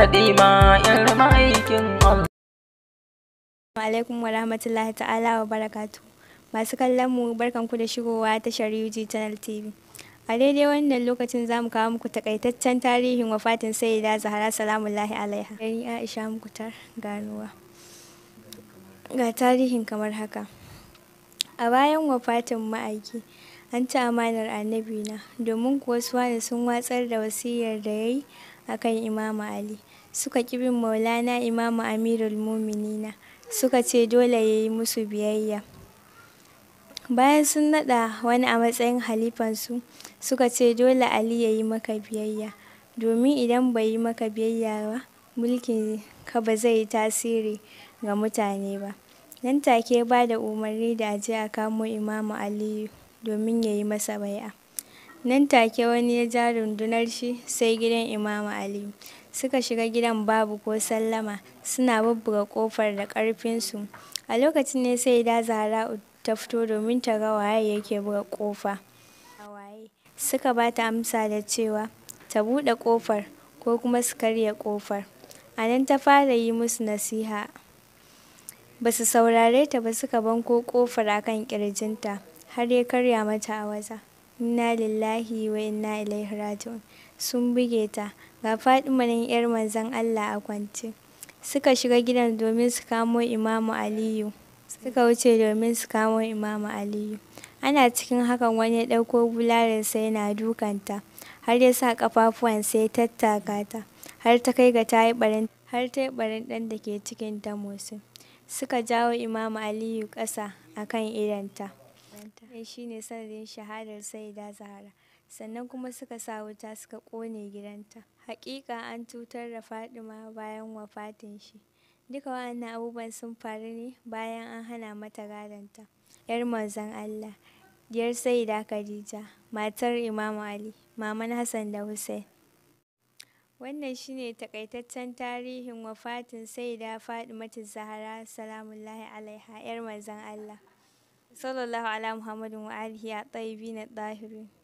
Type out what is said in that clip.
Fadima yar Allah. alaikum wa rahmatullahi ta'ala wa barakatu. Masu kallon mu ku da shigowa tashar UG Channel TV. A daidai wannan lokacin za mu kawo muku takaitaccen tarihin wafatin Sayyida Zahra salamullahi alaiha. Gani Aisha Mukhtar ganuwa. Ga tarihin kamar haka. A bayan wafatin ma'aiki, an ci amanar annabi na domin kuwa wani sun watsar da wasiyar da ya yi a kan imamu ali suka kibin bin maulana imamu amirul muminina suka ce dole ya yi musu biyayya bayan sun naɗa wani a matsayin halifansu suka ce dole ali ya yi maka biyayya domin idan bai yi maka biyayya ba mulkin ka ba zai yi tasiri ga mutane ba nan take ba da umarni da aje a kamo imamu aliyu domin ya yi masa baya. Nan take wani ya ja rundunar shi sai gidan Imam Ali. Suka shiga gidan babu ko sallama, suna bubbuga kofar da ƙarfinsu. A lokacin ne sai da zara ta fito domin ta ga waye yake buga kofa. Suka ba ta amsa da cewa ta buɗe kofar ko kuma su karya kofar A nan ta fara yi musu nasiha. Ba su saurare ta ba suka banko kofar akan kan ƙirjinta. har ya karya mata a waza. Inna lillahi wa inna ilaihi raji'un. Sun buge ta, ga Fatima nan 'yar manzan Allah a kwance. Suka shiga gidan domin su kamo Imamu Aliyu. Suka wuce domin su kamo Imamu Aliyu. Ana cikin hakan wani ya ɗauko sai yana dukanta, har ya sa ƙafafuwan sai tattaka ta, har ta kai ga ta yi ɓarin har ta yi ɓarin ɗan da ke cikin ta Suka jawo Imamu Aliyu ƙasa a kan idonta. shi shine sanadin shahadar saida Zahra. Sannan kuma suka sa wuta suka ƙone gidanta. Hakika an cutar da fadima bayan wafatin shi. Duka waɗannan abubuwan sun faru ne bayan an hana mata gadonta. ‘Yar manzon Allah, diyar saida Khadija, matar Imam Ali, maman Hassan da Hussein. Wannan shi ne takaitaccen tarihin wafatin saida Fatimatu Zahra salamullahi alaiha ‘yar manzon Allah. صلى الله على محمد وآله الطيبين الطاهرين